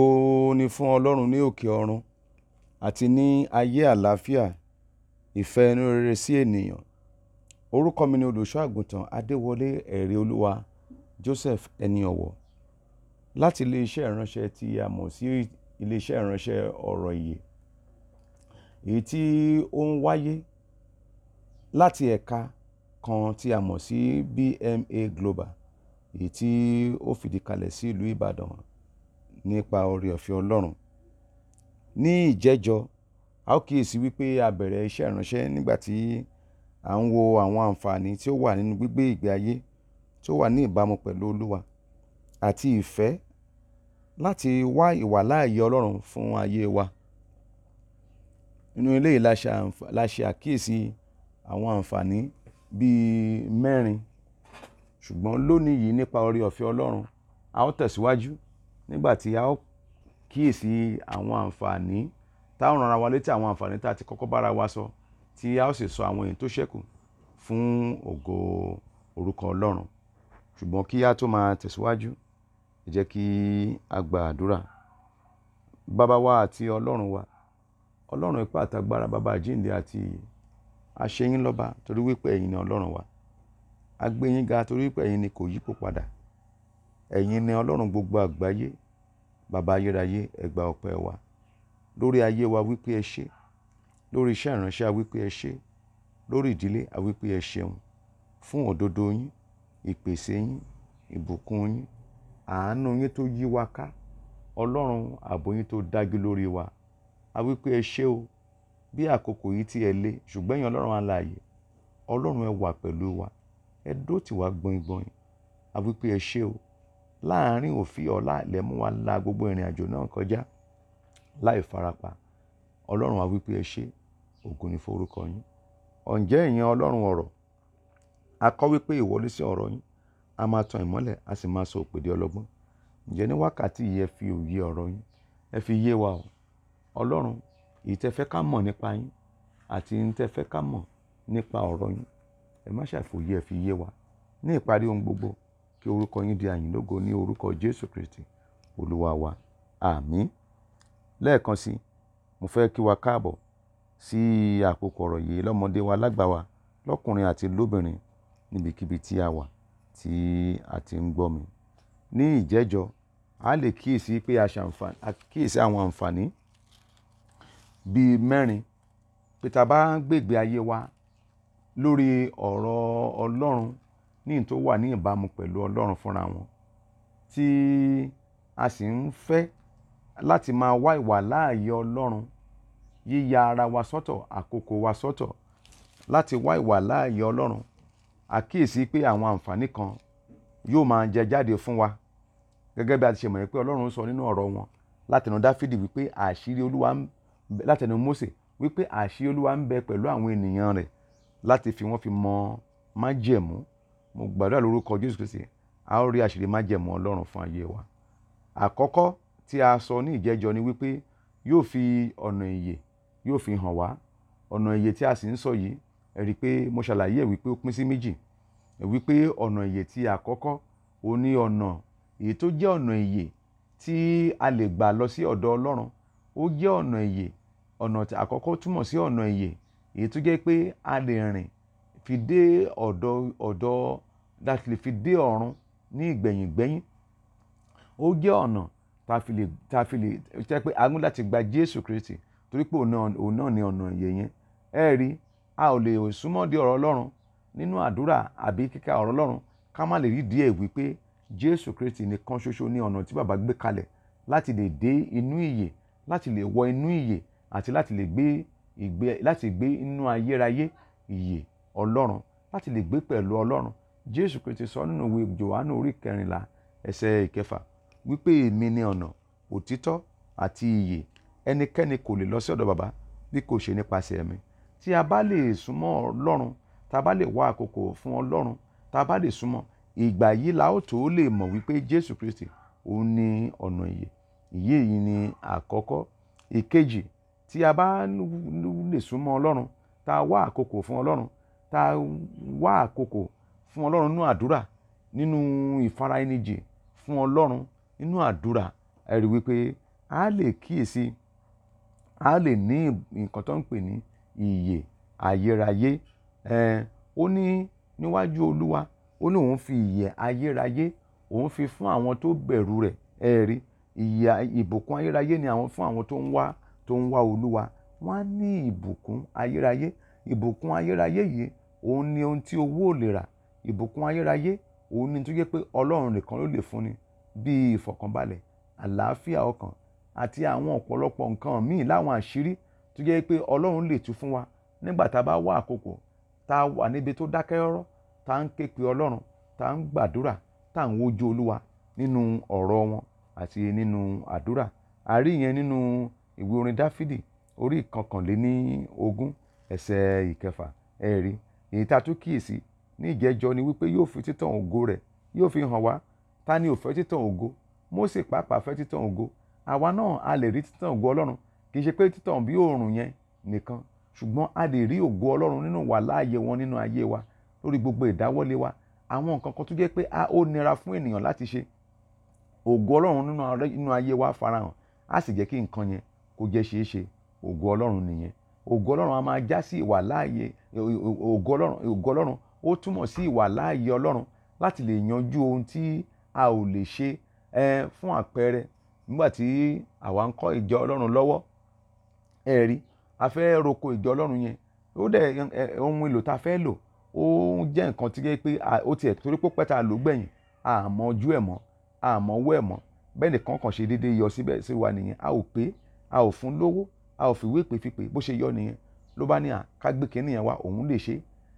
ògo ni fún ọlọ́run ní òkè ọ̀run àti ní ayé àlàáfíà ìfẹ́ inú rere sí ènìyàn orúkọ mi ni olùṣọ́ àgùntàn adéwọlé ẹ̀rí olúwa joseph ẹni ọ̀wọ̀ láti iléeṣẹ́ ìránṣẹ́ tí a mọ̀ sí iléeṣẹ́ ìránṣẹ́ ọ̀rọ̀ ìyè èyí tí ó ń wáyé láti ẹ̀ka kan tí a mọ̀ sí bma global èyí tí ó fìdí kalẹ̀ sí ìlú ìbàdàn nípa oore ọ̀fẹ́ Ọlọ́run. Ní ìjẹ́jọ́, a ó kíyèsí wípé a bẹ̀rẹ̀ iṣẹ́ ìránṣẹ́ nígbà tí à ń wo àwọn àǹfààní tí ó wà nínú gbígbé ìgbé ayé tí ó wà ní ìbámu pẹ̀lú Olúwa àti ìfẹ́ láti wá ìwàláàyè Ọlọ́run fún ayé wa. Nínú eléyìí la ṣe àkíyèsí àwọn àǹfààní bí mẹ́rin. Ṣùgbọ́n lónìí yìí nípa oore ọ̀fẹ́ Ọlọ́run, a ó tẹ̀síwájú nígbà tí a ó kíyèsí àwọn àǹfààní tá ó ran ara wa létí àwọn àǹfààní tá a ti kọ́kọ́ bára wa sọ tí a ó sì sọ àwọn èyí tó ṣẹ́kù fún ògo orúkọ Ọlọ́run ṣùgbọ́n kí a tó máa tẹ̀síwájú ẹ jẹ́ kí a gba àdúrà bàbá wa àti Ọlọ́run wa Ọlọ́run ipá àtagbára bàbá àjíǹde àti àṣeyín lọ́ba torí wípé ẹ̀yin ni Ọlọ́run wa a gbé yín ga torí wípé ẹ̀yin ni kò yípo padà ẹ̀yin ni ọlọ́run gbogbo àgbáyé bàbá ayérayé ẹ gba ọpẹ́ wa lórí ayé wa wípé ẹ ṣé lórí iṣẹ́ ìránṣẹ́ a wípé ẹ ṣé lórí ìdílé a wípé ẹ ṣeun fún òdodo yín ìpèsè yín ìbùkún yín àánú yín tó yí wa ká ọlọ́run ààbò tó dájú lórí wa a ẹ ṣé o bí àkókò yìí tí ẹ lé ṣùgbọ́n ẹ̀yin ọlọ́run alààyè ọlọ́run ẹ wà pẹ̀lú wa ẹ dó tì gbọ̀ngbọ̀n a ẹ ṣé o láàrin òfin ọ̀la lẹ́múwa la gbogbo ìrìn àjò náà kọjá láì farapa ọlọ́run wa wípé ẹ ṣé ògo ni forúkọ yín ọ̀njẹ́ ìyẹn ọlọ́run ọ̀rọ̀ a wípé ìwọlé sí ọ̀rọ̀ yín a máa tan ìmọ́lẹ̀ a sì máa sọ òpèdè ọlọ́gbọ́n ǹjẹ́ ní wákàtí yìí fi òye ọ̀rọ̀ yín ẹ fi yé wa o ọlọ́run èyí tẹ́ fẹ́ ká mọ̀ nípa yín àti ní tẹ́ fẹ́ ká kí orúkọ yín di àyìnlógo ní orúkọ jésù kristi olúwa wa àmín lẹ́ẹ̀kan sí mo fẹ́ kí wa káàbọ̀ sí àkókò ọ̀rọ̀ yìí lọ́mọdé wa lágbà wa lọ́kùnrin àti lóbìnrin níbikíbi tí a wà tí a ti ń gbọ́ mi ní ìjẹ́jọ́ a lè kíyèsí pé a kíyèsí àwọn àǹfààní bíi mẹ́rin pé ta bá gbègbè ayé wa lórí ọ̀rọ̀ ọlọ́run ní ìyí tó wà ní ìbámu pẹ̀lú Ọlọ́run fúnra wọn tí a sì ń fẹ́ láti máa wá ìwà láàyè Ọlọ́run yíya ara wa sọ́tọ̀ àkókò wa sọ́tọ̀ láti wá ìwà láàyè Ọlọ́run àkíyèsí pé àwọn àǹfààní kan yóò máa jẹ jáde fún wa gẹ́gẹ́ bí a ti ṣe mọ̀ pé Ọlọ́run sọ nínú ọ̀rọ̀ wọn látẹnu Dáfídì wípé àṣírí Olúwa látẹnu Mósè wípé àṣírí Olúwa ń bẹ pẹ̀lú àwọn ènìyàn rẹ̀ láti fi wọ́n fi mọ májẹ̀mú mo gbàdúrà lórúkọ jésù kristi a ó rí àṣírí májẹ̀mú ọlọ́run fún ayé wa àkọ́kọ́ tí a sọ ní ìjẹ́jọ ni wípé yóò fi ọ̀nà ìyè yóò fi hàn wá ọ̀nà ìyè tí a sì ń sọ yìí ẹ rí i pé mo ṣàlàyé ẹ̀ wípé ó pín sí méjì wípé ọ̀nà ìyè tí àkọ́kọ́ ó ní ọ̀nà èyí tó jẹ́ ọ̀nà ìyè tí a lè gbà lọ sí ọ̀dọ̀ ọlọ́run ó jẹ́ ọ̀nà ìyè ọ̀nà àkọ́kọ́ túmọ̀ sí ọ̀nà ìyè èyí tó jẹ́ pé a lè rìn fi dé ọ̀dọ̀ ọ̀dọ̀ láti lè fi dé ọ̀run ní ìgbẹ̀yìn gbẹ́yìn ó jẹ́ ọ̀nà tá fi lè tá fi lè jẹ́ pé a ní láti gba Jésù Kristi torí pé òun náà ni ọ̀nà yẹ̀yẹn ẹ rí a ò lè súnmọ́ di ọ̀rọ̀ Ọlọ́run nínú àdúrà àbí kíka ọ̀rọ̀ Ọlọ́run ká má lè rí díẹ̀ wípé Jésù Kristi nìkan ṣoṣo ní ọ̀nà tí bàbá gbé kalẹ̀ láti lè dé inú ìyè láti lè wọ inú ìyè àti láti lè gbé ìgbé láti gbé inú ayérayé ìyè ọlọ́run láti lè gbé pẹ̀lú ọlọ́run jésù kristi sọ nínú ìwé johannu orí kẹrìnlá ẹsẹ̀ ìkẹfà wípé èmi ni ọ̀nà òtítọ́ àti ìyè ẹnikẹ́ni kò lè lọ sí ọ̀dọ̀ bàbá bí kò ṣe nípasẹ̀ mi tí a bá lè súnmọ́ ọlọ́run tá a bá lè wá àkókò fún ọlọ́run tá a bá lè súnmọ́ ìgbà yìí la ó tó lè mọ̀ wípé jésù kristi òun ni ọ̀nà ìyè ìyè yìí ni àkọ́kọ́ ìkejì tí a bá lè súnmọ́ ọlọ́run tá a wá àkókò fún ọlọ́run ta a wá àkókò fún ọlọ́run nínú àdúrà nínú ìfaraẹnijì fún ọlọ́run nínú àdúrà ẹ rí wípé a lè kíyèsí a lè ní nǹkan tó ń pè ní ìyè ayérayé ẹ ó ní níwájú olúwa ó ní òun fi ìyè ayérayé òun fi fún àwọn tó bẹ̀rù rẹ̀ ẹ ìbùkún ayérayé ni àwọn fún àwọn tó ń wá tó ń wá olúwa wọ́n á ní ìbùkún ayérayé ìbùkún ayérayé yìí òun ni ohun tí owó ò lè rà ìbùkún ayérayé òun ni tó yẹ pé ọlọ́run nìkan ló lè fúnni bíi ìfọ̀kànbalẹ̀ àlàáfíà ọkàn àti àwọn ọ̀pọ̀lọpọ̀ nǹkan míì láwọn àṣírí tó jẹ́ pé ọlọ́run lè tú fún wa nígbà tá a bá wá àkókò tá a wà níbi tó dákẹ́ rọ́rọ́ tá a ń ké pe ọlọ́run tá a ń gbàdúrà tá a ń wojú olúwa nínú ọ̀rọ̀ wọn àti nínú àdúrà a rí nínú ìwé orin dáfídì orí ìkọkànléní ogún ẹsẹ̀ ìkẹfà ẹ̀rí èyí tá a tún kíyèsí ní ìjẹ́jọ́ ni wípé yóò fi títàn ògo rẹ̀ yóò fi hàn wá ta ni ò fẹ́ títàn ògo Mósè pàápàá fẹ́ títàn ògo àwa náà a lè rí títàn ògo Ọlọ́run kì í ṣe pé títàn bí òòrùn yẹn nìkan ṣùgbọ́n a lè rí ògo Ọlọ́run nínú wa láàyè wọn nínú ayé wa lórí gbogbo ìdáwọ́lé wa àwọn nǹkan kan tó jẹ́ pé ó nira fún ènìyàn láti ṣe ògo Ọlọ́run nínú ayé wa farahàn á sì jẹ́ kí nǹkan yẹn kó jẹ́ ṣeéṣe ògo Ọlọ́run nìyẹn ògo ọlọ́run a máa já sí ìwà láàyè ògo ọlọ́run ògo ọlọ́run ó túmọ̀ sí ìwà láàyè ọlọ́run láti lè yanjú ohun tí a ò lè ṣe fún àpẹẹrẹ nígbà àwa ń kọ́ ìjọ ọlọ́run lọ́wọ́ ẹ rí a fẹ́ roko ìjọ ọlọ́run yẹn ó dẹ̀ ohun èlò tá a fẹ́ lò ó jẹ́ nǹkan tí pé ó tiẹ̀ torí pé pẹ́ta ló gbẹ̀yìn àmọ́ ojú ẹ̀ mọ́ àmọ́ owó ẹ̀ mọ́ bẹ́ẹ̀ nìkan kàn ṣe déédéé yọ síbẹ̀ sí wa nìyẹn a ò pé a ò fún lówó a ò fìwé pè fipè bó ṣe yọ nìyẹn ló bá ní à ká gbé kínní yẹn wá òun lè ṣe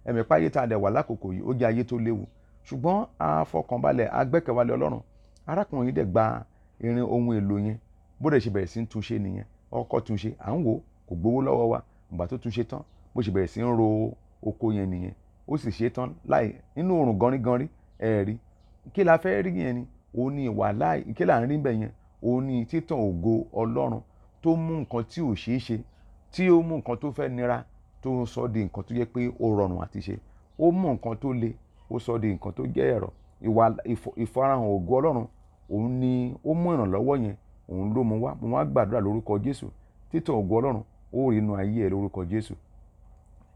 ẹ̀mí páyé tá a dẹ̀ wà lákòókò yìí ó jẹ́ ayé tó léwu ṣùgbọ́n a fọkànbalẹ̀ a gbẹ́kẹ̀wálẹ̀ ọlọ́run arákùnrin yìí dẹ̀ gba irin ohun èlò yẹn bó dẹ̀ ṣe bẹ̀rẹ̀ sí ń túnṣe nìyẹn ọkọ̀ túnṣe à ń wò kò gbowó lọ́wọ́ wa ìgbà tó túnṣe tán bó ṣe bẹ̀rẹ̀ sí ń ro oko yẹn nìyẹn ó sì ṣe tán láì nínú oòrùn ganriganri ẹ̀ẹ́rí kí la fẹ́ rí yẹn ni òun ni ìwà láì kí là ń rí bẹ̀ yẹn òun ni títàn ògo ọlọ́run tó mú nǹkan tí ò ṣeé ṣe tí ó mú nǹkan tó fẹ́ nira tó ń sọ di nǹkan tó yẹ pé ó rọrùn àti ṣe ó mú nǹkan tó le ó sọ di nǹkan tó jẹ́ ẹ̀rọ ìwà ìfarahàn ògo ọlọ́run òun ni ó mú ìrànlọ́wọ́ yẹn òun ló mú wá mo wá gbàdúrà lórúkọ jésù títàn ògo ọlọ́run ó rí inú ayé ẹ lórúkọ jésù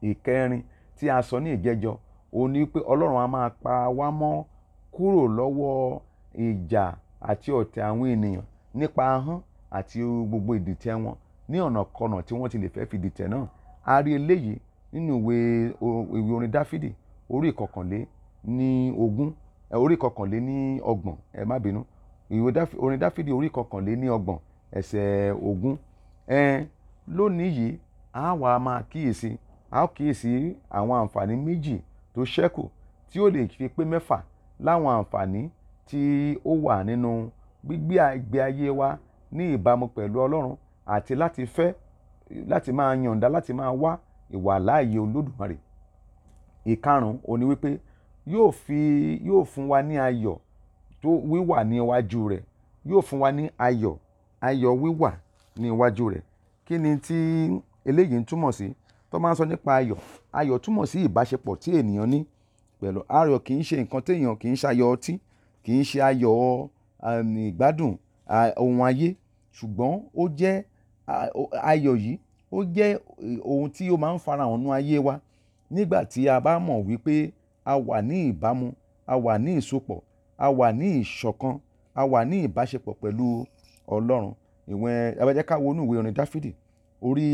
ìkẹrin tí a sọ ní ìjẹjọ òun ni pé ọlọ́run a máa pa wá mọ́ kúrò lọ́wọ́ ìjà àti ọ̀tẹ̀ àwọn ènìyàn nípa ahọ́n àti gbogbo ìdìtẹ̀ wọn ní ọ̀nà kọ̀nà tí wọ́n ti lè fẹ́ fi dìtẹ̀ náà a rí eléyìí nínú ìwé ìwé orin dáfídì orí ìkọkànlé ní ogún orí ìkọkànlé ní ọgbọ̀n ẹ má bínú ìwé orin dáfídì orí ìkọkànlé ní ọgbọ̀n ẹsẹ̀ ogún ẹ lónìí yìí a wà máa kíyèsí a ó kíyèsí àwọn àǹfààní méjì tó ṣẹ́kù tí ó lè fi pé mẹ́fà láwọn àǹfààní tí ó wà nínú gbígbé àgbé ayé wa ní ìbámu pẹ̀lú Ọlọ́run àti láti fẹ́ láti máa yọ̀ǹda láti máa wá ìwà láàyè Olódùmarè ìkarùn òní wípé yóò fi yóò fún wa ní ayọ̀ tó wíwà ní iwájú rẹ̀ yóò fún wa ní ayọ̀ ayọ̀ wíwà ní rẹ̀ kí ni tí eléyìí ń túmọ̀ sí tó máa ń sọ nípa ayọ̀ ayọ̀ túmọ̀ sí ìbáṣepọ̀ tí ènìyàn ní pẹ̀lú ayọ̀ kì í ṣe nǹkan téèyàn kì í ṣayọ̀ ọtí kì í ṣe ayọ̀ ìgbádùn ohun ayé ṣùgbọ́n ó jẹ́ ayọ̀ yìí ó jẹ́ e, ohun tí ó máa ń farahàn nínú ayé wa nígbà tí a bá mọ̀ wípé a wà ní ìbámu a wà ní ìsopọ̀ a wà ní ìṣọ̀kan a wà ní ìbáṣepọ̀ pẹ̀lú Ọlọ́run ìwọ̀n ẹ bá jẹ́ ká wo inú ìwé orin Dáfídì orí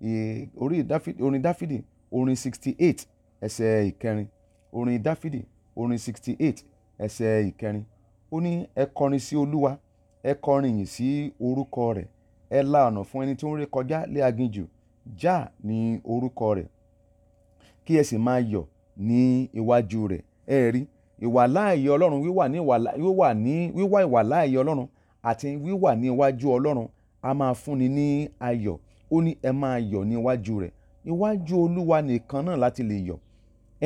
e, orin Dáfídì orin sixty eight ẹsẹ̀ ìkẹrin orin Dáfídì orin sixty eight ẹsẹ̀ ìkẹrin ó ní ẹ kọrin sí Olúwa ẹ kọrin ìyìn sí orúkọ rẹ̀ ẹ la ọ̀nà fún ẹni tí ó ń rékọjá lé aginjù Jah ní orúkọ rẹ̀ kí ẹ sì máa yọ̀ ní iwájú rẹ̀ ẹ rí ìwà láàyè ọlọ́run wíwà ní wíwà ní wíwà ìwà láàyè ọlọ́run àti wíwà ní iwájú ọlọ́run a máa fúnni ní ayọ̀ ó ní ẹ máa yọ̀ ní iwájú rẹ̀ iwájú olúwa nìkan náà láti lè yọ̀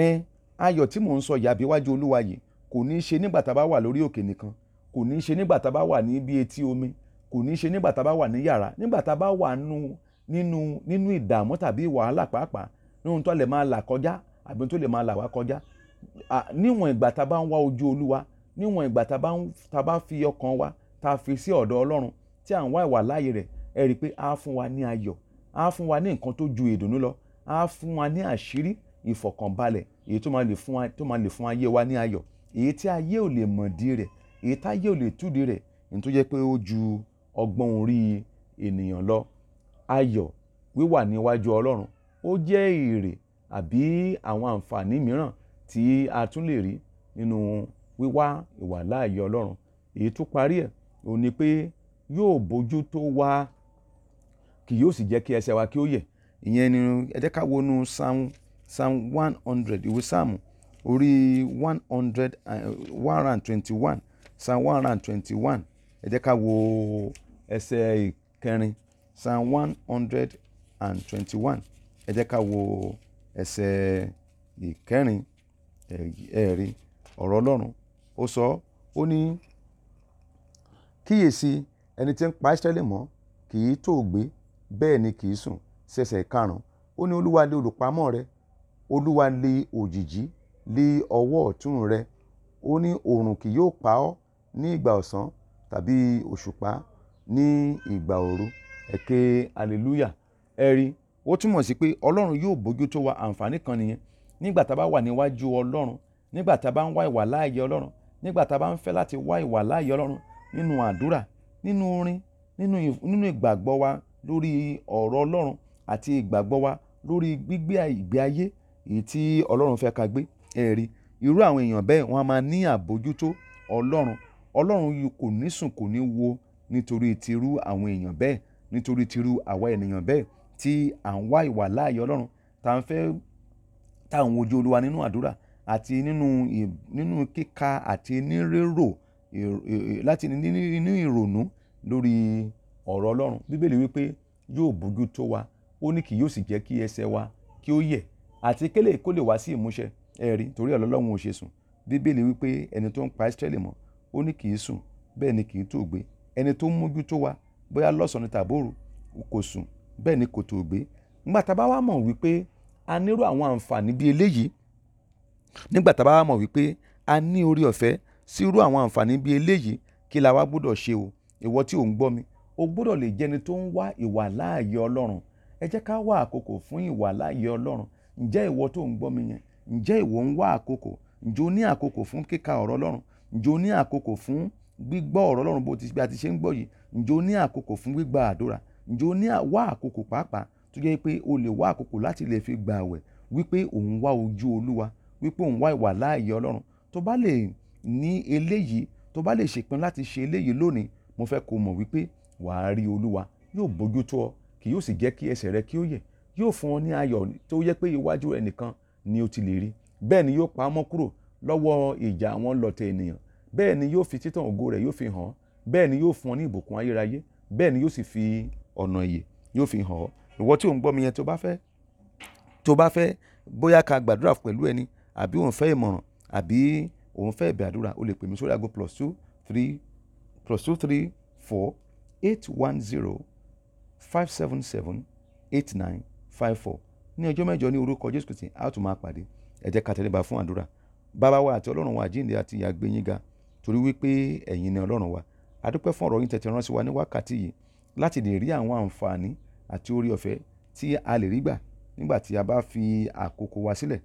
ẹ ayọ̀ tí mò ń sọ yàbí iwájú olúwa yìí kò ní í ṣe nígbà tá a bá wà lórí òkè nìkan kò ní í ṣe nígbà tá a bá wà ní bí etí omi kò ní í ṣe nígbà tá a bá wà ní yàrá nígbà tá a bá wà nínú nínú ìdààmú tàbí wàhálà pàápàá nínú tó lè máa là kọjá àbí tó lè máa là wá kọjá níwọ̀n ìgbà tá a bá ń wá ojú olúwa níwọ̀n ìgbà tá a bá fi ọkàn wa tá a fi sí ọ̀dọ̀ ọlọ́run tí à ń wá ìwà láàyè rẹ̀ ẹ rí i pé á fún wa ní ayọ̀ á fún wa ní nǹkan tó ju ìdùnnú lọ á fún wa ní àṣírí ìfọ̀kànbalẹ̀ èyí tó máa lè fún ayé wa ní ayọ̀ èyí tí ayé ò lè mọ̀dí rẹ̀ èyí táyé ò lè túde rẹ̀ ní tó jẹ́ pé ó ju ọgbọ́n orí ènìyàn lọ ayọ̀ wíwà níwájú ọlọ́run ó jẹ́ èrè àbí àwọn àǹfààní mìíràn tí a tún lè rí nínú wíwá ìwàláàyè ọlọ́run èyí tó parí ẹ̀ òun ni pé yóò bójú tó wá kì yóò sì jẹ́ kí ẹsẹ̀ wa kí ó yẹ̀ ìyẹn ni ẹ jẹ́ ká wọnú psalm psalm one hundred ìwé psalm orí one hundred eh, one hundred and twenty-one psalm one hundred and twenty-one ẹ jẹ́ ká wo ẹsẹ̀ ìkẹrin psalm one hundred and twenty-one ẹ jẹ́ ká wo ẹsẹ̀ ìkẹrin ẹ̀rí ọ̀rọ̀ ọlọ́run ó sọ ó ní kíyèsí ẹni tí ń pa Ísírẹ́lì mọ́ kì í tòògbé bẹ́ẹ̀ ni kì í sùn ṣẹ̀ṣẹ̀ karùn-ún ó ní olúwa lé olùpamọ́ rẹ olúwa lé òjìji lé ọwọ́ ọ̀tún rẹ ó ní oòrùn kì yóò pa ọ́ ní ìgbà ọ̀sán tàbí òṣùpá ní ìgbà òru ẹ ké hallelujah ẹ rí ó túmọ̀ sí pé ọlọ́run yóò bójú wa àǹfààní kan nìyẹn nígbà tá a bá wà níwájú ọlọ́run nígbà tá a bá ń wá ìwà láàyè ọlọ́run nígbà tá a bá ń fẹ́ láti wá ìwà láàyè ọlọ́run nínú àdúrà nínú orin nínú ìgbàgbọ́ wa lórí ọ̀rọ̀ ọlọ́run àti ìgbàgbọ́ wa lórí gbígbé ìgbé ayé èyí tí ọlọ́run fẹ́ ká gbé ẹ̀rí irú àwọn èèyàn bẹ́ẹ̀ wọ́n á máa ní àbójútó ọlọ́run ọlọ́run yìí kò ní sùn kò ní wo nítorí tirú àwọn èèyàn bẹ́ẹ̀ nítorí tirú àwa ènìyàn bẹ́ẹ̀ tí à ń wá ìwà láàyè ọlọ́run tá à ń fẹ́ tá à ń wojú olúwa nínú àdúrà àti nínú nínú kíka àti nírèrò láti nínú ìrònú lórí ọ̀rọ̀ ọlọ́run bíbélì wípé yóò bójú tó wa ó ní kì yóò sì jẹ́ kí ẹsẹ̀ wa kí ó yẹ̀ àti kélé kó lè wá sí ìmúṣẹ ẹ̀rí torí ọ̀lọ́lọ́run ò ṣe sùn bíbélì wípé ẹni tó ń pa Ísírẹ́lì mọ́ ó ní kì í sùn bẹ́ẹ̀ ni kì í tó gbé ẹni tó ń mójú tó wa bóyá lọ́sàn-án tàbí òru kò sùn bẹ́ẹ̀ ni kò tó gbé nígbà tá a bá wá mọ̀ wípé a nírú àwọn àǹfààní bíi eléyìí nígbà tá a bá wá mọ̀ wípé a ní orí ọ̀fẹ́ sí àwọn àǹfààní bíi eléyìí kí la wá gbọ́dọ̀ ṣe o ìwọ tí ò ń gbọ́ mi o gbọ́dọ̀ lè jẹ́ni tó ń wá ìwà láàyè ọlọ́run ẹ jẹ́ ká wá àkókò fún ìwà láàyè ọlọ́run ǹjẹ́ ìwọ tó ń gbọ́ mi yẹn ǹjẹ́ ìwọ ń wá àkókò ǹjẹ́ ní àkókò fún kíka ọ̀rọ̀ ọlọ́run ǹjẹ́ o ní àkókò fún gbígbọ́ ọ̀rọ̀ Ọlọ́run bó ti bí a ti ṣe ń gbọ́ yìí ǹjẹ́ o ní àkókò fún gbígba àdúrà ǹjẹ́ o ní wá àkókò pàápàá tó jẹ́ pé o lè wá àkókò láti lè fi gba àwẹ̀ wípé òun wá ojú Olúwa wípé òun wá ìwà láàyè Ọlọ́run tó bá lè ní eléyìí tó bá lè ṣèpinnu láti ṣe eléyìí lónìí mo fẹ́ kó mọ̀ wípé wàá rí Olúwa yóò bójú ọ kì yóò sì jẹ́ kí ẹsẹ̀ rẹ kí ó yẹ̀ yóò fún ọ ní ayọ̀ tó yẹ pé iwájú rẹ ni o ti lè rí bẹ́ẹ̀ ni yóò pa ọmọ kúrò lọ́wọ́ ìjà àwọn lọ̀tẹ̀ ènìyàn bẹ́ẹ̀ ni yóò fi títàn ògo rẹ̀ yóò fi hàn bẹ́ẹ̀ ni yóò fún ọ ní ìbùkún ayérayé bẹ́ẹ̀ ni yóò sì fi ọ̀nà ìyè yóò fi hàn ọ́ ìwọ tí ò ń gbọ́ mi yẹn tó bá fẹ́ tó bá fẹ́ bóyá ká gbàdúrà pẹ̀lú ẹni àbí òun fẹ́ ìmọ̀ràn àbí òun fẹ́ ìbẹ̀ o lè pè mí sórí aago plus two three plus two three four eight one zero five seven seven eight nine five four ní ọjọ́ mẹ́jọ ní orúkọ Jésù Kristi a ó tún máa pàdé ẹ jẹ́ ká tẹríba fún àdúrà bàbá wa àti ọlọ́run wa àjíǹde àti ìyàgbé yín ga torí wípé ẹ̀yin ni ọlọ́run wa a dúpẹ́ fún ọ̀rọ̀ yín tẹ̀tẹ̀ rán sí wa ní wákàtí yìí láti lè rí àwọn àǹfààní àti orí ọ̀fẹ́ tí a lè rí gbà nígbà tí a bá fi àkókò wa sílẹ̀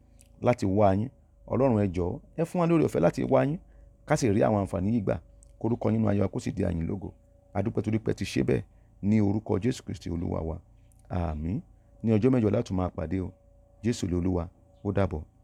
láti wá yín ọlọ́run ẹ jọ̀ọ́ ẹ fún wa lórí ọ̀fẹ́ láti wá yín ká sì rí àwọn àǹfààní yìí gbà korúkọ nínú ayọ̀ kó sì di àyìn lógo a torí pé ti ṣe bẹ́ẹ̀ ní orúkọ jésù kristi olúwa wa àmín ní ọjọ́ mẹ́jọ láti máa pàdé o jésù lolúwa